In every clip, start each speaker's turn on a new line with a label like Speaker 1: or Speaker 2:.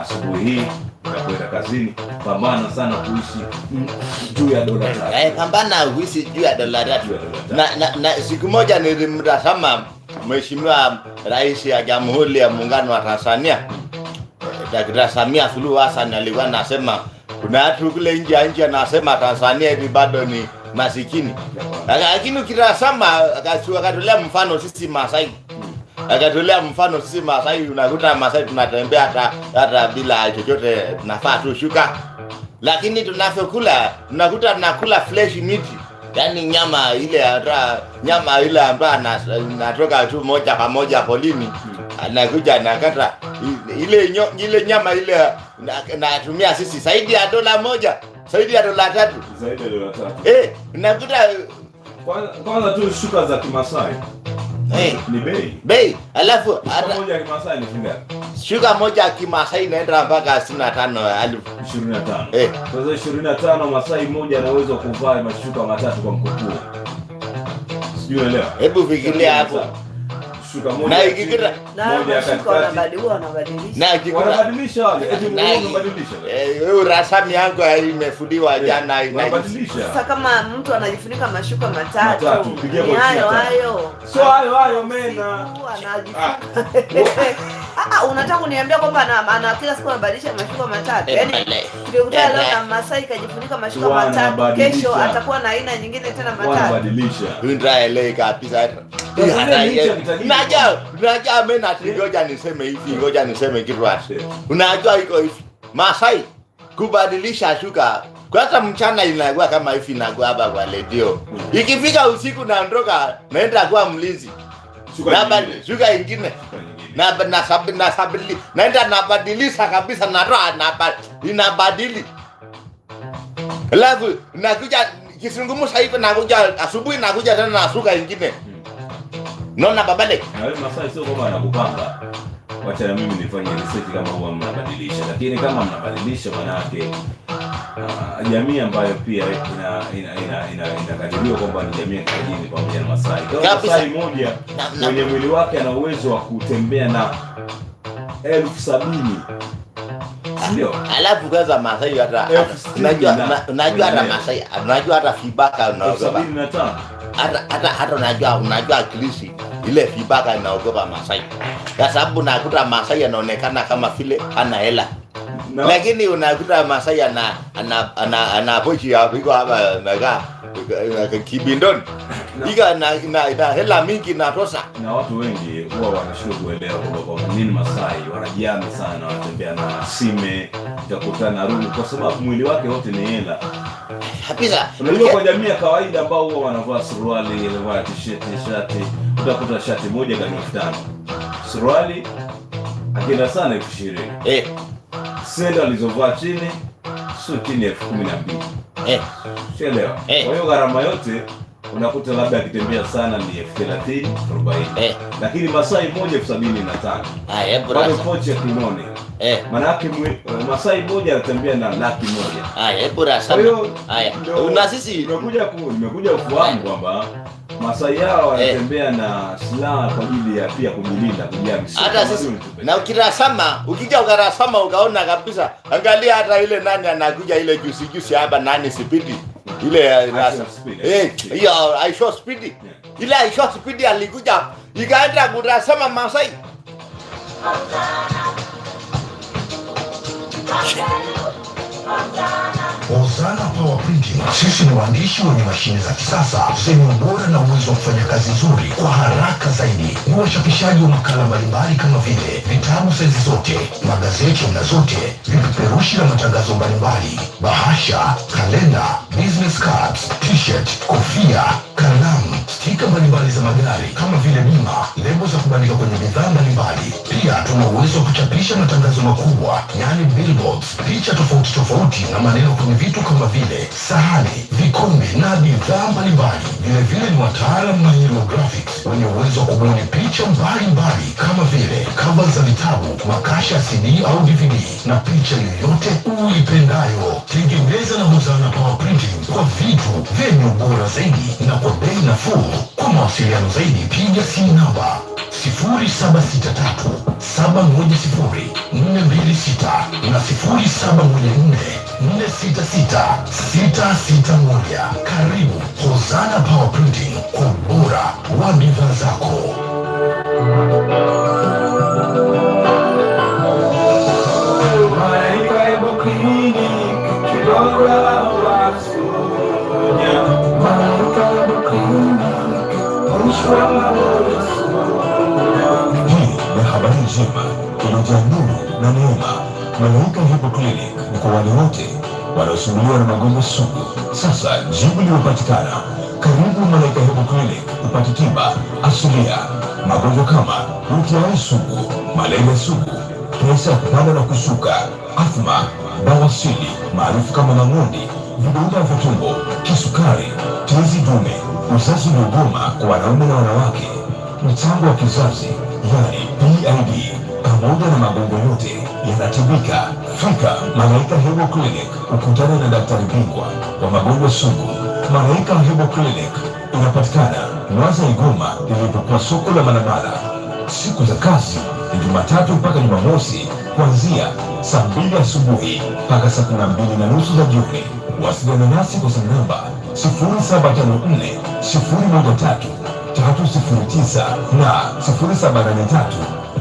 Speaker 1: asubuhi hii unakwenda kazini, pambana sana kuishi juu ya dola tatu.
Speaker 2: Eh, pambana kuishi juu ya dola tatu. Na, na, na siku moja nilimtazama Mheshimiwa Rais ya Jamhuri ya Muungano wa Tanzania Daktari Samia Suluhu Hassan alikuwa anasema kuna watu kule nje ya nje anasema Tanzania hivi bado ni masikini, lakini ukitazama akatolea mfano sisi Masai akatolea mfano sisi Masai, unakuta Masai tunatembea hata hata bila chochote, tunafaa tu shuka, lakini tunavyokula tunakuta tunakula flesh meat, yani nyama ile hata nyama ile ambayo natoka tu moja kwa moja polini, anakuja nakata ile ile nyama ile natumia sisi zaidi ya dola moja, zaidi ya dola tatu,
Speaker 1: zaidi ya dola tatu.
Speaker 2: Eh, nakuta
Speaker 1: kwanza tu shuka za Kimasai
Speaker 2: Hey. bei. Bei. Alafu
Speaker 1: shuka moja ya Kimasai inaenda.
Speaker 2: Shuka moja ya Kimasai inaenda mpaka 25 elfu
Speaker 1: 25. Eh. Sasa 25 Masai moja anaweza kuvaa mashuka matatu kwa mkupuo. Sijui
Speaker 2: Hebu fikiria hapo na ikikita rasami yangu imefudiwa eh, jana.
Speaker 3: Sasa kama mtu anajifunika mashuka matatu
Speaker 1: hayo
Speaker 3: hayo,
Speaker 1: sio hayo hayo mena,
Speaker 3: ah. Ah, ah, unataka kuniambia kwamba ana kila siku anabadilisha mashuka matatu? Eh, yani tukikutana leo Masai kajifunika mashuka matatu, kesho atakuwa na aina nyingine tena
Speaker 1: matatu.
Speaker 2: Ndio, elewi kabisa. Unajua, unajua mimi na ngoja niseme hivi, ngoja niseme kitu Unajua iko hivi. Masai kubadilisha shuka. Kwanza mchana inagua kama hivi inakuwa hapa kwa redio. Ikifika usiku naondoka naenda kwa mlinzi. Shuka ingine. Na na sabi, na sabili. Naenda nabadilisha kabisa na roho inabadili. Alafu nakuja kizungumza hivi nakuja asubuhi nakuja tena na shuka ingine. Mm. Unaona le?
Speaker 1: Na wewe Masai sio kama anakupanga. Wacha na mimi nifanye research kama huwa mnabadilisha. Lakini kama mnabadilisha maana yake uh, jamii ambayo pia ina ina ina, ina, ina kwamba ni jamii ya kijini pamoja na Masai. Masai moja kwenye mwili wake ana uwezo wa kutembea na elfu sabini.
Speaker 2: Ndio. Alafu kwanza Masai hata unajua unajua hata Masai unajua hata Kibaka unajua hata hata hata unajua unajua klisi ile vibaka inaogopa Masai, kwa sababu nakuta Masai anaonekana kama vile hana hela no. Lakini unakuta Masai ana ana ana pochi ya biko hapa mega kibindoni biko na, na, na hela mingi na tosa
Speaker 1: na watu wengi huwa wanashindwa kuelewa kwa nini Masai wanajiana sana, wanatembea na sime utakutana rungu, kwa sababu mwili wake wote ni hela kabisa. Unajua, kwa jamii ya kawaida ambao huwa wanavaa suruali, vaa t-shirt, shati, utakuta shati moja kwa 5000 suruali akienda sana 20 eh senda alizovaa chini sio chini elfu kumi na mbili eh. Sielewa eh. Kwa hiyo gharama yote unakuta labda akitembea sana ni elfu thelathini arobaini, eh. lakini Masai moja elfu sabini na tano
Speaker 2: ah, bado
Speaker 1: pochi ya kimone Eh. Manake eh, Masai moja anatembea na laki moja.
Speaker 2: Haya, ah, bora Kwa hiyo
Speaker 1: nimekuja kufahamu kwamba Masai yao eh. wanatembea na silaha kwa ajili ya pia kujilinda, kujiamsha.
Speaker 2: Hata sisi na ukirasama, ukija ukarasama ukaona kabisa, angalia hata ile nani anakuja ile juice juice hapa nani sipidi ile rasa. Eh? eh, hiyo I show speed. Ile I show speed alikuja ikaenda kurasama Masai.
Speaker 4: Wazana Power Printing. sisi ni waandishi wenye mashine za kisasa zenye ubora na uwezo wa kufanya kazi nzuri kwa haraka zaidi. Ni wachapishaji wa makala mbalimbali kama vile vitabu saizi zote, magazeti na zote, vipeperushi na matangazo mbalimbali, bahasha, kalenda, business cards, t-shirt, kofia, kalamu, stika mbalimbali za magari kama vile bima, lebo za kubandika kwenye bidhaa mbalimbali. Pia tuna uwezo wa kuchapisha matangazo makubwa, yani billboards, picha tofauti tofauti tofauti na maneno kwenye vitu kama vile sahani, vikombe na bidhaa mbalimbali. Vilevile ni wataalam wa hieroglyphics wenye uwezo wa kubuni picha mbalimbali kama vile kava za vitabu, makasha ya CD au DVD na picha yoyote uipendayo. Tengeneza na Huzana Power Printing kwa vitu vyenye ubora zaidi na kwa bei nafuu. Kwa mawasiliano zaidi, piga simu namba 0763 710 426 na 0714 466 661. Karibu Hozana Power Printing kwa ubora wa bidhaa zako. Hii ni habari njema, tunajiamini na neema. Malaika Herbal Clinic kwa wale wote wanaosumbuliwa na magonjwa sugu. Sasa jibu limepatikana. karibu Malaika Hebu Clinic upate tiba asilia magonjwa kama UTI sugu, malaria sugu, presha ya kupanda na kushuka, athma, bawasili maarufu kama mangundi, vidonda vya tumbo, kisukari, tezi dume, uzazi ugoma kwa wanaume na wanawake, mchango wa kizazi yani PID pamoja na magongo yote yanatibika. Fika Malaika Hebo Clinic, ukutana na daktari bingwa wa magongo sugu. Malaika Hebo Clinic inapatikana Mwanza Igoma, ilipokuwa soko la manamara Siku za kazi ni Jumatatu mpaka Jumamosi, kuanzia saa mbili asubuhi mpaka saa kumi na mbili na nusu za jioni. Wasiliana nasi kwa simu namba 0754 sifuri tisa na tatu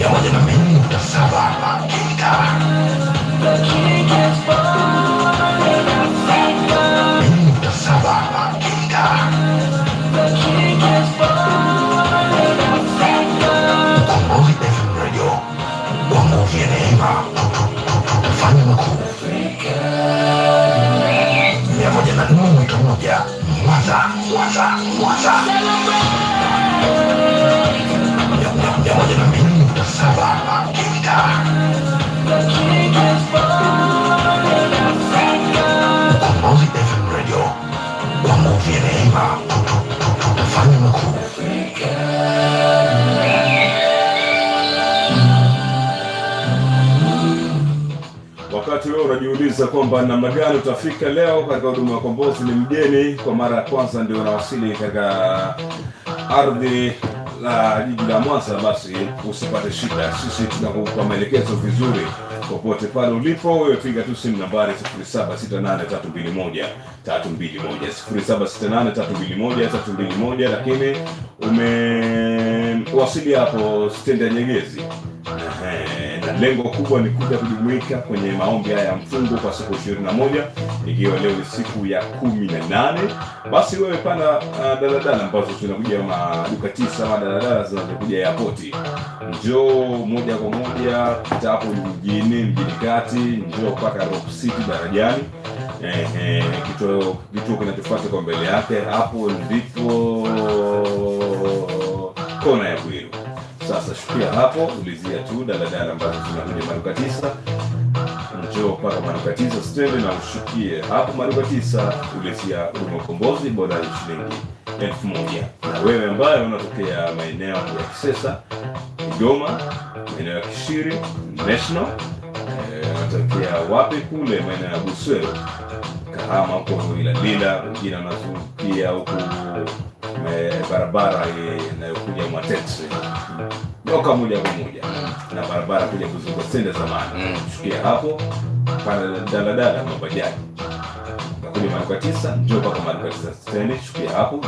Speaker 4: ya wazima minuta saba makita minuta saba makita ukombozi fm radio kwa nguvu ya neema tutafanya makuu mia moja na nne nukta moja mwanza mwanza
Speaker 1: ukiuliza kwamba namna gani utafika leo katika huduma ya Ukombozi, ni mgeni kwa mara ya kwanza ndio nawasili katika ardhi la jiji la Mwanza, basi usipate shida, sisi tunakupa maelekezo vizuri popote pale ulipo wewe, piga tu simu nambari 0768321321 0768321321, lakini umewasili hapo stendi ya Nyegezi. Lengo kubwa ni kuja kujumuika kwenye maombi haya ya mfungo kwa siku 21, na moja ikiwa leo ni siku ya kumi na nane. Basi wewe pana uh, daladala ambazo zinakuja maduka tisa ama daladala zinazokuja yapoti, njoo moja kwa moja tapo mjini mjini kati, njoo mpaka Rock City darajani. Eh, eh, kituo kituo kinachofuata kwa mbele yake hapo ndipo kona ya kwili sasa shukia hapo, ulizia tu daladala ambazo zinakuja maduka tisa, njoo mpaka maduka tisa stendi na ushukie hapo maduka tisa, ulizia huduma ukombozi boda ya shilingi elfu moja. Na wewe ambaye unatokea maeneo ya Kisesa, Kigoma, maeneo ya Kishiri National, eh, unatokea wapi kule maeneo ya Buswero Kahama huko Ilandila, wengine wanazungukia huku barabara inayokuja Mwatetse toka moja kwa moja na barabara kuja kuzunguka sende zamani kushukia mm. hapo pale daladala mabajaji nakuja maduka tisa njoo mpaka maduka tisa stendi shukia hapo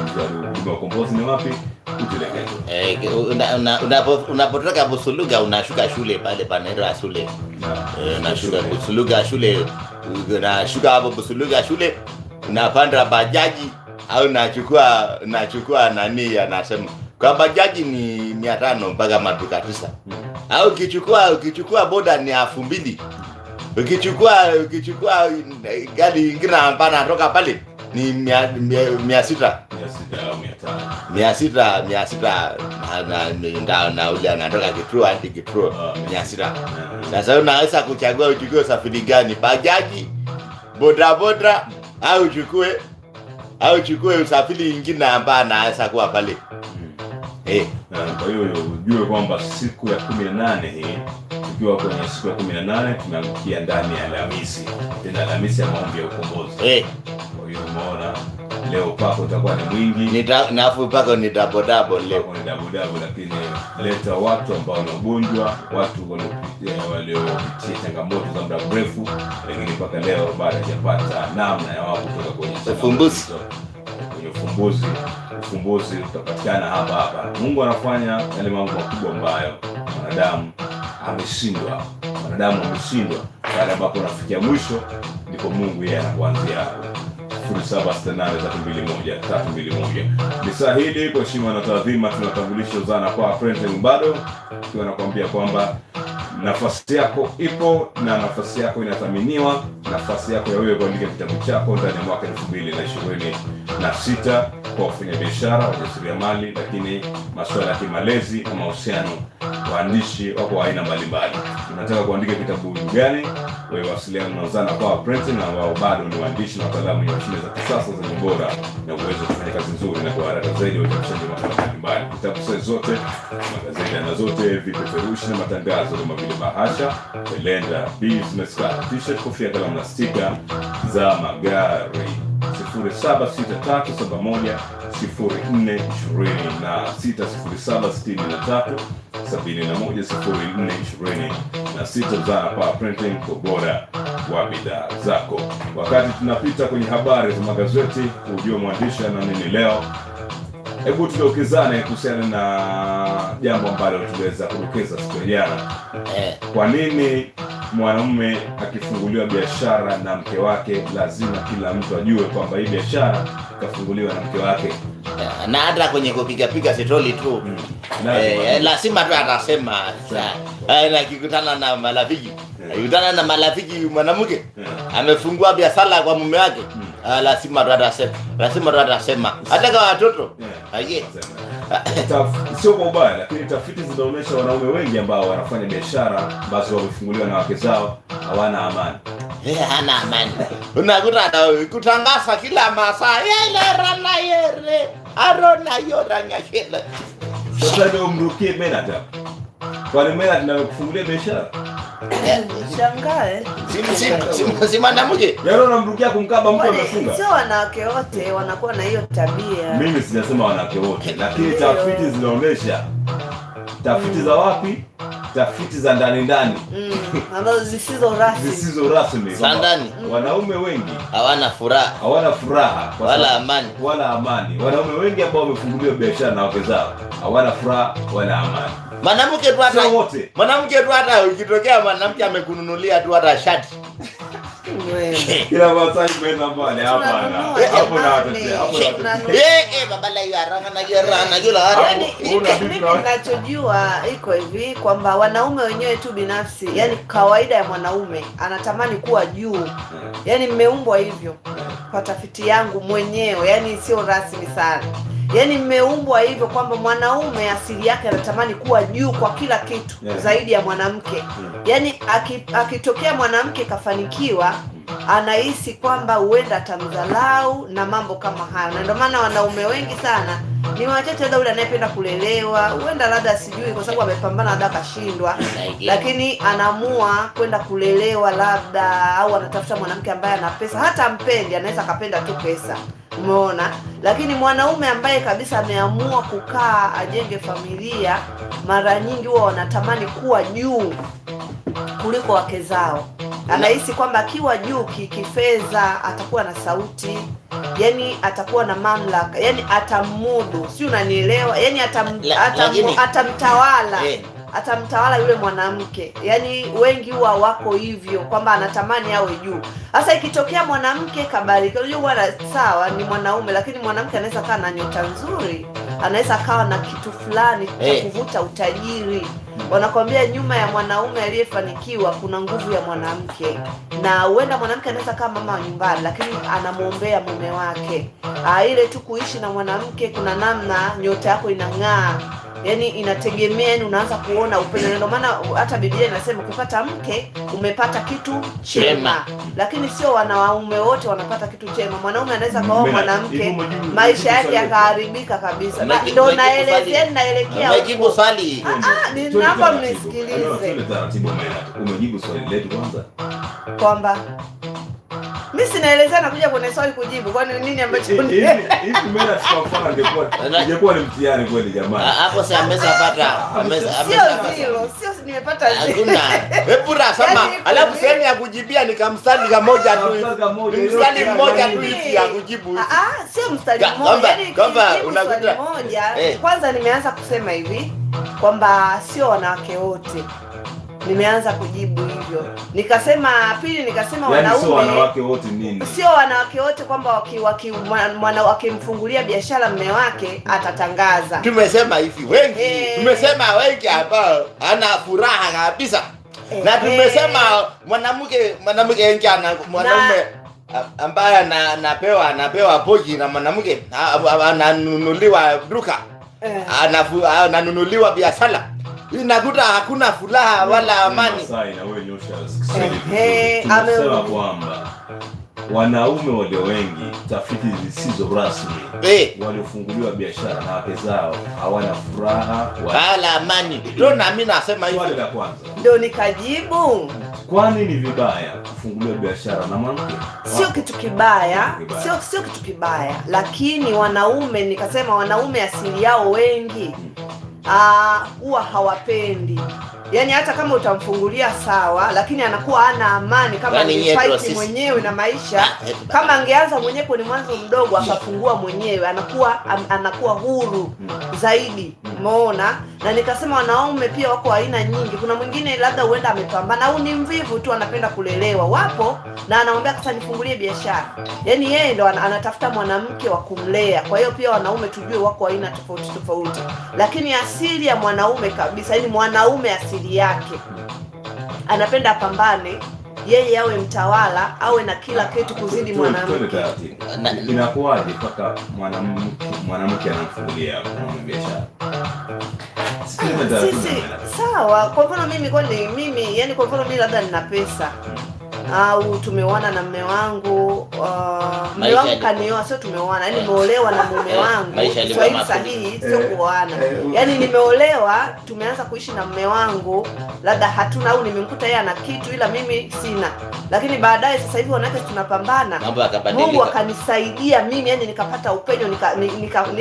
Speaker 1: mjua ukombozi ni wapi
Speaker 2: eh, unapotoka Busuluga unashuka shule pale panera Asule, eh, unashuka Busuluga shule unashuka hapo Busuluga shule, napanda bajaji au nachukua nachukua nani, anasema kwa bajaji ni mia tano mpaka maduka tisa, au ukichukua ukichukua boda ni elfu mbili ukichukua ukichukua eh, gari ingine ambayo natoka pale ni mia, mia, mia sita mia sita mia sita nauli anatoka kituo hadi kituo mia sita Sasa unaweza kuchagua uchukue usafiri gani, bajaji, bodaboda au uchukue au chukue usafiri ingine ambaye anaweza kuwa pale. Hmm. Eh.
Speaker 1: Kwa hiyo ujue kwamba siku ya kumi na nane hii tukiwa kwenye siku ya kumi na nane tumeangukia ndani ya Alhamisi, tena Alhamisi ya maombi ya ukombozi. Eh hiyo umeona, leo pako utakuwa ni mwingi,
Speaker 2: nafu pako ni dabo dabo leo
Speaker 1: ni dabo dabo, lakini leta watu ambao ni wanagonjwa, watu waliopitia changamoto za muda mrefu, lakini mpaka leo bado hajapata namna ya wao kutoka kwenye ufumbuzi kwenye ufumbuzi. Ufumbuzi utapatikana hapa hapa. Mungu anafanya yale mambo makubwa ambayo mwanadamu ameshindwa, mwanadamu ameshindwa. Pale ambapo unafikia mwisho, ndipo Mungu yeye anakuanzia 0768 321 hili kwa heshima na taadhima tunatambulisha zana kwa Printing bado ukiwa nakwambia kwamba nafasi yako ipo na nafasi yako inathaminiwa. Nafasi yako ya wewe kuandika kitabu chako ndani ya mwaka elfu na na ishirini sita kwa wafanyabiashara, wajasiriamali, lakini masuala ya kimalezi na mahusiano, waandishi wako wa aina mbalimbali. Unataka kuandika kitabu gani? wawasiliana na Uzana Power Print na wao bado ni waandishi na wataalamu ya mashine za kisasa zenye ubora na uwezo wa kufanya kazi nzuri na kwa haraka zaidi wa makala mbalimbali, vitabu zote, magazeti na zote, vipeperushi na matangazo kama vile bahasha, kalenda, business card, t-shirt, kofia, kalamu na stika za magari. 0763710426 za Power Printing kwa ubora wa bidhaa zako. Wakati tunapita kwenye habari za magazeti kujua mwandishi na nini leo, hebu tudokezane kuhusiana na jambo ambalo tuliweza kudokeza siku ya jana, eh. kwa nini mwanamume akifunguliwa biashara na mke wake, lazima kila mtu ajue kwamba hii biashara ikafunguliwa na mke wake,
Speaker 2: na hata kwenye kupigapiga sitoli tu mm. eh, eh, lazima tu atasema eh, akikutana na, marafiki akikutana na marafiki mwanamke amefungua biashara kwa mume wake mm. ah, lazima tu atasema, lazima tu atasema hata kwa watoto ah,
Speaker 1: sio kwa ubaya, lakini tafiti zinaonyesha wanaume wengi ambao wanafanya biashara ambazo wamefunguliwa na wake zao hawana amani.
Speaker 2: Hana amani, unakuta kutangaza kila masaa yeleranaere aronayora.
Speaker 1: Sasa ndio mrukie menata, kwani menata nakufungulia biashara
Speaker 3: Shangae
Speaker 2: si mwanamke
Speaker 1: yale wanamrukia kumkaba mtu
Speaker 3: amefunga. Sio wanawake wote wanakuwa na hiyo tabia.
Speaker 1: Mimi sijasema wanawake wote, lakini tafiti zinaonyesha, tafiti za wapi? Tafiti za ndani ndani
Speaker 3: mm, ambazo zisizo rasmi,
Speaker 1: zisizo rasmi za ndani, mm. wanaume wengi
Speaker 2: hawana furaha,
Speaker 1: hawana furaha
Speaker 2: wala amani,
Speaker 1: wala amani. Wanaume wengi ambao wamefunguliwa biashara na wake zao hawana furaha wala amani.
Speaker 2: Mwanamke tu hata mwanamke tu hata ukitokea mwanamke amekununulia tu hata shati.
Speaker 3: Kila eh,
Speaker 1: eh,
Speaker 2: yaani,
Speaker 3: iko hivi kwamba wanaume wenyewe tu binafsi, yani kawaida ya mwanaume anatamani kuwa juu. Eh. Yani mmeumbwa hivyo. Kwa tafiti yangu mwenyewe, yani sio rasmi sana. Yaani mmeumbwa hivyo kwamba mwanaume asili yake anatamani kuwa juu kwa kila kitu yeah. zaidi ya mwanamke yeah. Yaani akitokea mwanamke kafanikiwa anahisi kwamba huenda atamdhalau na mambo kama hayo, na ndio maana wanaume wengi sana ni wachache, labda yule anayependa kulelewa, huenda labda sijui kwa sababu amepambana labda akashindwa, lakini anaamua kwenda kulelewa labda, au anatafuta mwanamke ambaye ana pesa, hata mpendi, anaweza akapenda tu pesa, umeona. Lakini mwanaume ambaye kabisa ameamua kukaa ajenge familia, mara nyingi huwa wanatamani kuwa juu kuliko wake zao, anahisi kwamba akiwa juu kikifedha atakuwa na sauti yani atakuwa na mamlaka, yani atamudu, si unanielewa? Yani yaani atamtawala, atam, atam, atam, atamtawala yule mwanamke. Yaani wengi huwa wako hivyo kwamba anatamani awe juu. Sasa ikitokea mwanamke kabariki, unajua bwana, sawa ni mwanaume, lakini mwanamke anaweza kawa na nyota nzuri, anaweza kawa na kitu fulani cha eh. kuvuta utajiri. Wanakwambia nyuma ya mwanaume aliyefanikiwa kuna nguvu ya mwanamke, na huenda mwanamke anaweza kaa mama wa nyumbani, lakini anamwombea mume wake. Ah, ile tu kuishi na mwanamke kuna namna nyota yako inang'aa yani inategemea, yani unaanza kuona upendo. Ndio maana hata Biblia inasema kupata mke umepata kitu chema, lakini sio wanaume wote wanapata kitu chema. Mwanaume anaweza kaoa mwanamke maisha yake yakaharibika kabisa. Ndio naelezea, naelekea
Speaker 2: umejibu swali
Speaker 3: ninapo mnisikilize,
Speaker 1: umejibu swali letu kwanza
Speaker 3: kwamba mi sinaelezea na kwenye swali kujibu kwani nini
Speaker 1: ambacho hivi mimi sikufanya ingekuwa ni mtihani kweli jamani. Ah,
Speaker 2: hapo sasa ameshapata
Speaker 3: Sio nimepata.
Speaker 2: Hakuna. Hebu rasama. Yaani alafu sehemu ya kujibia nikamstari kamoja tu. Mstari mmoja tu hivi ya kujibu. Ah,
Speaker 3: ah, sio mstari
Speaker 2: mmoja. Kwamba yaani unakuta.
Speaker 3: Eh. Kwanza nimeanza kusema hivi kwamba sio wanawake wote nimeanza kujibu hivyo, nikasema pili, nikasema yaani wanaume sio
Speaker 1: wanawake wote, nini,
Speaker 3: sio wanawake wote kwamba waki, waki, wanawake mfungulia biashara mme wake atatangaza.
Speaker 2: Tumesema hivi wengi hey. Eh. Tumesema wengi ambao ana furaha kabisa hey. Eh. Na tumesema mwanamke mwanamke wengi ana mwanaume ambaye anapewa anapewa poji na mwanamke ananunuliwa duka eh. ananunuliwa biashara inakuta hakuna furaha wala amani.
Speaker 1: Wanaume walio wengi, tafiti zisizo rasmi waliofunguliwa biashara na wake zao hawana furaha
Speaker 2: wala amani. Ndio nami nasema hivyo, la ndio nikajibu.
Speaker 1: Kwani ni vibaya kufunguliwa biashara na mwanamke?
Speaker 3: Sio kitu kibaya, sio sio kitu kibaya, lakini wanaume, nikasema wanaume asili yao wengi Ah, huwa hawapendi yani hata kama utamfungulia sawa, lakini anakuwa hana amani kama ni yaani fight mwenyewe na maisha. Ah, eh, kama angeanza mwenyewe kwenye mwanzo mdogo akafungua mwenyewe, anakuwa anakuwa huru zaidi. Umeona? Na nikasema wanaume pia wako aina nyingi. Kuna mwingine labda huenda amepambana au ni mvivu tu, anapenda kulelewa. Wapo na anamwambia sasa nifungulie biashara. yani yeye ndo anatafuta mwanamke wa kumlea. Kwa hiyo pia wanaume tujue wako aina tofauti tofauti, lakini asili ya mwanaume kabisa, yani mwanaume asili asili yake, anapenda pambane yeye awe mtawala awe na kila kitu kuzidi mwanamke. Inakuwaje mpaka mwanamke mwanamke anamfungulia biashara? Sisi sawa. Kwa mfano mimi kwani mimi, yani kwa mfano mimi labda nina pesa hmm au tumeoana na mume wangu uh, mme wangu kanioa, sio tumeoana, yani nimeolewa na mume eh, wangu. Kiswahili sahihi sio kuoana, eh, eh. yani nimeolewa, tumeanza kuishi na mume wangu, labda hatuna au nimemkuta yeye ana kitu ila mimi sina, lakini baadaye sasa hivi wanawake tunapambana, Mungu akanisaidia mimi, yani nikapata upenyo,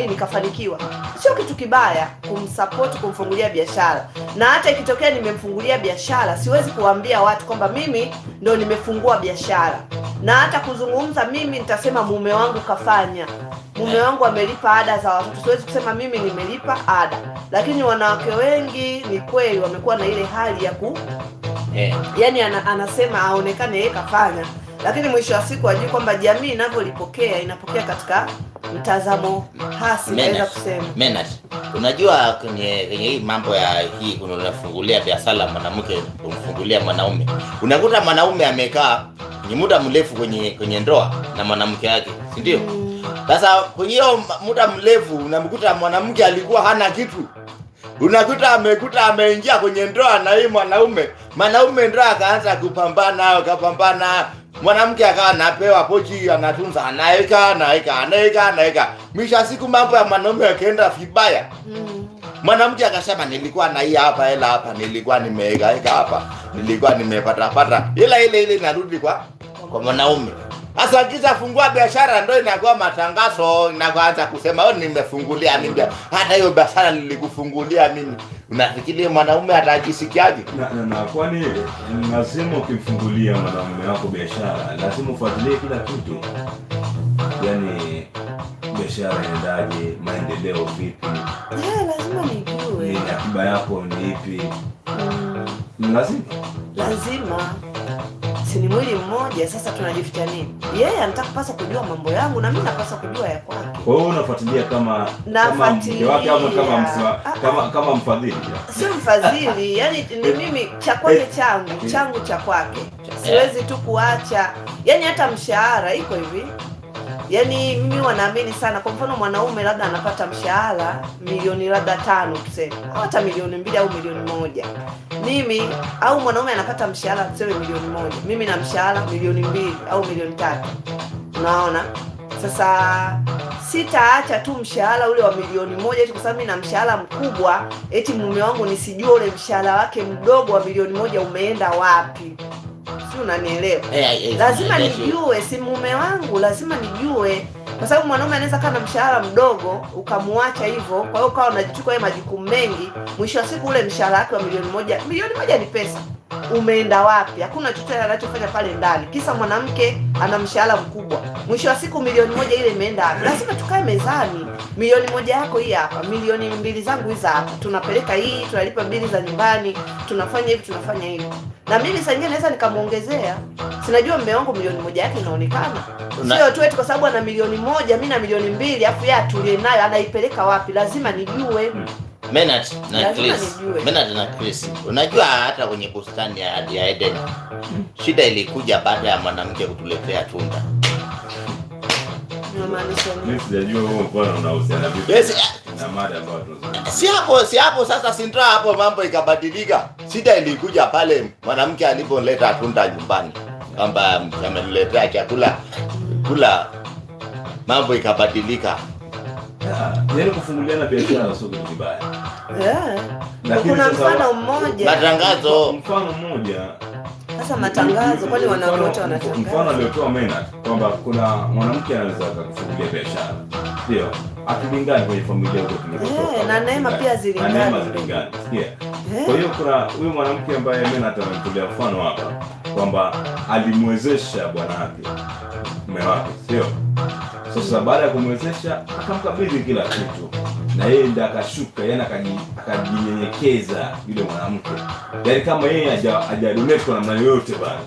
Speaker 3: nikafanikiwa nika, nika sio kitu kibaya kumsupport, kumfungulia biashara, na hata ikitokea nimemfungulia biashara siwezi kuambia watu kwamba mimi ndio nime amefungua biashara, na hata kuzungumza, mimi nitasema mume wangu kafanya, mume wangu amelipa ada za watoto. Siwezi kusema mimi nimelipa ada, lakini wanawake wengi ni kweli wamekuwa na ile hali ya ku yeah. Yani anasema aonekane yeye kafanya lakini mwisho wa siku wajui kwamba jamii inavyolipokea inapokea katika mtazamo hasi. Naweza kusema Menat, unajua kwenye kwenye hii mambo ya hii, unafungulia biashara mwanamke, unamfungulia mwanaume, unakuta mwanaume amekaa ni muda mrefu kwenye kwenye ndoa na mwanamke wake, si ndio? Mm. Sasa mm. kwenye hiyo muda mrefu unamkuta mwanamke alikuwa hana kitu unakuta amekuta ameingia kwenye ndoa na hii mwanaume, mwanaume ndoa akaanza kupambana, akapambana mwanamke akawa anapewa pochi, anatunza, anaweka anaweka anaweka anaweka, misha siku mambo ya mwanaume yakaenda vibaya. Mm. Mwanamke akasema nilikuwa na hii hapa hela hapa, nilikuwa nimeweka hapa, nilikuwa nimepata pata ila ile ile, narudi kwa kwa mwanaume. Sasa akishafungua biashara ndio inakuwa matangazo, inaanza kusema wewe, oh, nimefungulia mimi hata hiyo biashara nilikufungulia mimi. Unafikiri mwanaume atajisikiaje? Na, na, na kwani lazima ukimfungulia mwanaume wako biashara lazima ufuatilie kila kitu, yaani biashara inaendaje, maendeleo vipi, eh, lazima nijue akiba yako ni ipi, mm. lazima lazima si ni mwili mmoja, sasa tunajificha nini? Yeye yeah, anataka kupasa kujua mambo yangu na mimi napasa kujua ya kwake. Kwa hiyo unafuatilia kama nafuatilia wake au kama mswa, ah. kama kama mfadhili. Sio mfadhili, yani ni mimi cha kwake eh. changu, eh. changu cha kwake. Eh. Siwezi tu kuacha. Yaani hata mshahara iko hivi. Yaani mimi wanaamini sana. Kwa mfano mwanaume labda anapata mshahara milioni labda tano tuseme, hata milioni mbili au milioni moja mimi au mwanaume anapata mshahara tuseme milioni moja, mimi na mshahara milioni mbili au milioni tatu, unaona sasa sitaacha tu mshahara ule wa milioni moja eti kwa sababu mimi na mshahara mkubwa, eti mume wangu nisijua ule mshahara wake mdogo wa milioni moja umeenda wapi? Si unanielewa? Hey, eh, eh, hey, lazima hey, eh, nijue, si mume wangu, lazima nijue kwa sababu mwanaume anaweza kaa na mshahara mdogo ukamwacha hivyo, kwa hiyo ukawa unachukua yeye majukumu mengi. Mwisho wa siku ule mshahara wake wa milioni moja, milioni moja ni pesa, umeenda wapi? Hakuna chochote anachofanya pale ndani, kisa mwanamke ana mshahara mkubwa. Mwisho wa siku milioni moja ile imeenda wapi? Lazima tukae mezani, milioni moja yako hii hapa, milioni mbili zangu hizi hapa, tunapeleka hii, tunalipa bili za nyumbani, tunafanya hivi, tunafanya hivi. Na mimi saa nyingine naweza nikamwongezea, sinajua mume wangu milioni moja yake inaonekana, sio tu eti kwa sababu ana milioni moja mi na milioni mbili afu yeye atulie nayo anaipeleka wapi? Lazima nijue. Menat na Chris. Menat na Chris. Unajua hata kwenye bustani ya Eden shida ilikuja baada ya mwanamke kutuletea tunda. Si hapo si hapo sasa sintra hapo mambo ikabadilika. Shida ilikuja pale mwanamke alipoleta tunda nyumbani kwamba amemletea chakula kula mambo ikabadilika. Yaani matangazo, sasa matangazo kwani wanawake Mfano aliotoa Mena kwamba kuna mwanamke anaweza biashara. Ndio. Akilingana kwenye familia huko na neema pia Na neema Sikia. Kwa hiyo kuna huyu mwanamke ambaye Mena atamtolea mfano hapa kwamba alimwezesha bwana wake mume wake, sio? Sasa baada ya kumwezesha akamkabidhi kila kitu, na yeye ndiye akashuka, yani akajinyenyekeza yule mwanamke, yani kama yeye hajadometwa namna yoyote bana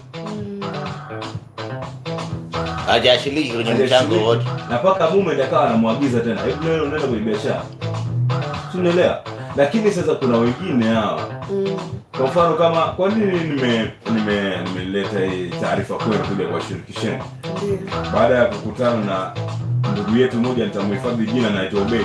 Speaker 3: hajashiriki kwenye mchango wote, na mpaka mume ndiye akawa anamwagiza tena, hebu nenda kwenye biashara, tunaelewa lakini sasa kuna wengine hawa mm. Kwa mfano kama kwa nini nime nimeleta hii taarifa kwenu kuja kuwashirikisheni, baada ya kukutana na ndugu yetu moja nitamuhifadhi jina, naitwa Ubedi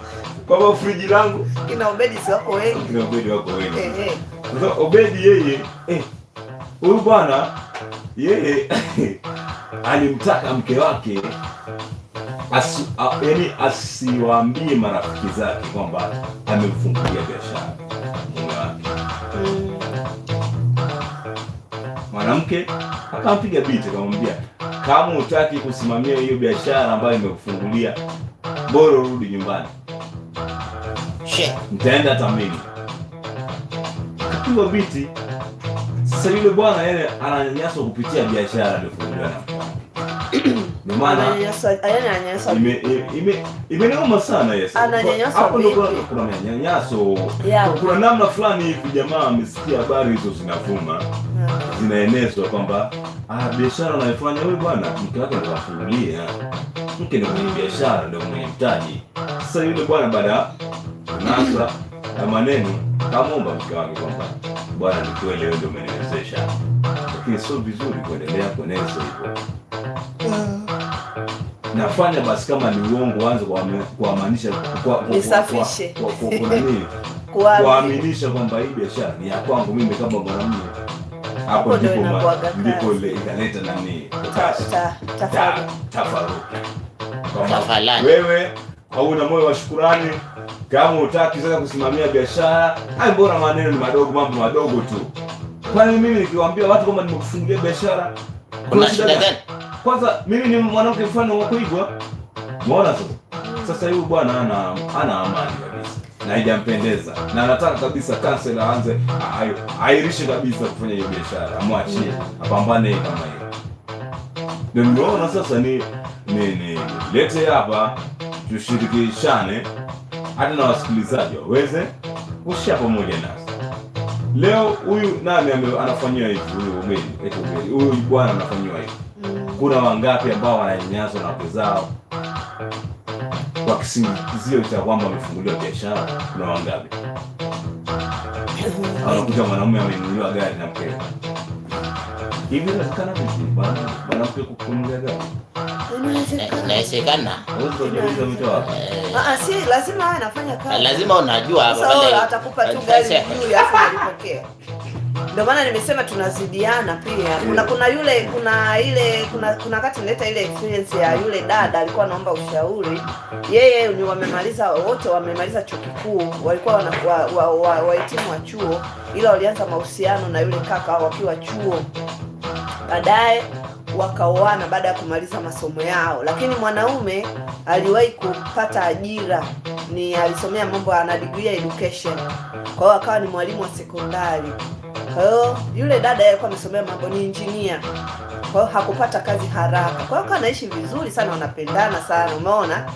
Speaker 3: kwamba friji langu kina Obedi wako wengi, kina Obedi wako wengi eh, eh. Sasa Obedi yeye eh, huyu bwana yeye eh, alimtaka mke wake asi, yani asiwaambie marafiki zake kwamba amemfungulia biashara hmm. Mwanamke akampiga biti, akamwambia kama hutaki kusimamia hiyo biashara ambayo imekufungulia, bora urudi nyumbani nitaenda hata mimi. Akapigwa biti. Sasa yule bwana yeye ananyanyaswa kupitia biashara aliyofunguliwa ndio maana imeniuma sana Yesu. Hapo ndio kuna manyanyaso, kuna namna fulani hivi jamaa amesikia habari hizo zinavuma, zinaenezwa kwamba ah, biashara anayofanya huyu bwana mke wake anafungulia mke, ndio mwenye biashara, ndio mwenye mtaji. Sasa yule bwana baada anasa na maneno, kamwomba mke wake kwamba bwana, ni kweli wewe ndio umeniwezesha, lakini sio vizuri kuendelea kueneza hivyo. Mm. Nafanya basi kama ni uongo, anza kuwamaanisha, nisafishe, kwamba hii biashara ni ya kwangu mimi kama mwanamume. Hapo ndipo ile inaleta nani, tafaruku. Wewe hauna moyo wa shukurani kama utaki sasa kusimamia biashara, hai mbona maneno ni madogo, mambo madogo tu. Kwani mimi nikiwaambia watu kwamba nimekufungulia biashara, kuna shida gani? Kwanza mimi ni mwanamke mfano wa kuigwa, umeona tu. Sasa huyu bwana ana ana amani kabisa na haijampendeza, na anataka kabisa kansela aanze airishe kabisa kufanya hiyo biashara, amwachie apambane kama hiyo. Ndio ndio sasa ni ni ni lete hapa tushirikishane hata na wasikilizaji waweze kushia pamoja nasi. Leo huyu nani anafanyiwa hivi, huyu huyu bwana anafanyiwa hivi. Kuna wangapi ambao wananyanyaswa na wake zao kwa kisingizio cha kwamba wamefunguliwa biashara? Kuna wangapi anakuta mwanaume amenunuliwa gari na mkewe hivi, inatakana vizuri bwana mwanamke kukununulia gari inawezekana. Ah, ah, eh, lazima unajua hapa, atakupa tu gari juu ya alipokea. Ndio maana nimesema tunazidiana pia. Kuna kuna yule kuna ile kuna kuna wakati nileta ile experience ya yule dada alikuwa anaomba ushauri. Yeye ni wamemaliza wote wamemaliza chuo kikuu, walikuwa wana wa, wa, wa chuo ila walianza mahusiano na yule kaka wakiwa chuo. Baadaye wakaoana baada ya kumaliza masomo yao, lakini mwanaume aliwahi kupata ajira, ni alisomea mambo, ana degree ya education, kwa hiyo akawa ni mwalimu wa sekondari. Kwa hiyo yule dada alikuwa amesomea mambo, ni engineer, kwa hiyo hakupata kazi haraka, kwa hiyo anaishi vizuri sana, wanapendana sana, umeona,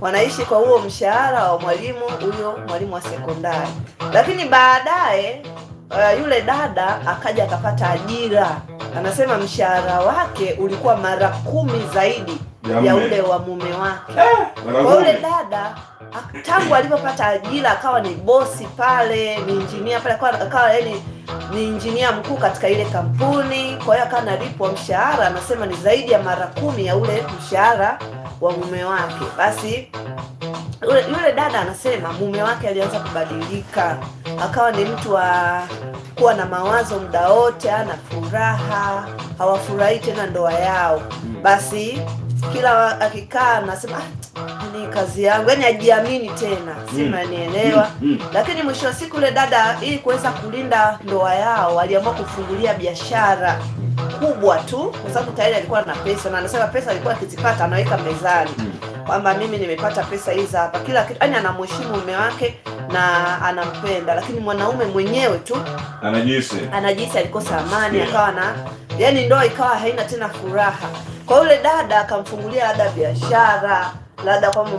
Speaker 3: wanaishi kwa huo mshahara wa mwalimu huyo, mwalimu wa sekondari, lakini baadaye uh, yule dada akaja akapata ajira, anasema mshahara wake ulikuwa mara kumi zaidi ya, ya ule wa mume wake. Eh, Kwa yule dada tangu alipopata ajira akawa ni bosi pale, ni injinia pale, akawa yani ni injinia mkuu katika ile kampuni. Kwa hiyo akawa nalipwa mshahara, anasema ni zaidi ya mara kumi ya ule mshahara wa mume wake. Basi yule dada anasema mume wake alianza kubadilika akawa ni mtu wa kuwa na mawazo muda wote, ana furaha, hawafurahii tena ndoa yao. Mm. Basi kila akikaa anasema ah, ni kazi yangu, yani ajiamini tena, si mnanielewa? Mm. mm. mm. Lakini mwisho wa siku ule dada, ili kuweza kulinda ndoa yao, aliamua kufungulia biashara kubwa tu, kwa sababu tayari alikuwa na pesa, na anasema pesa alikuwa akizipata anaweka mezani mm kwamba mimi nimepata pesa hizi hapa, kila kitu. Yani anamheshimu mume wake na anampenda, lakini mwanaume mwenyewe tu anajisi anajisi alikosa amani, yeah. akawa na yani ndoa ikawa haina tena furaha. Kwa yule dada akamfungulia labda biashara labda kwamba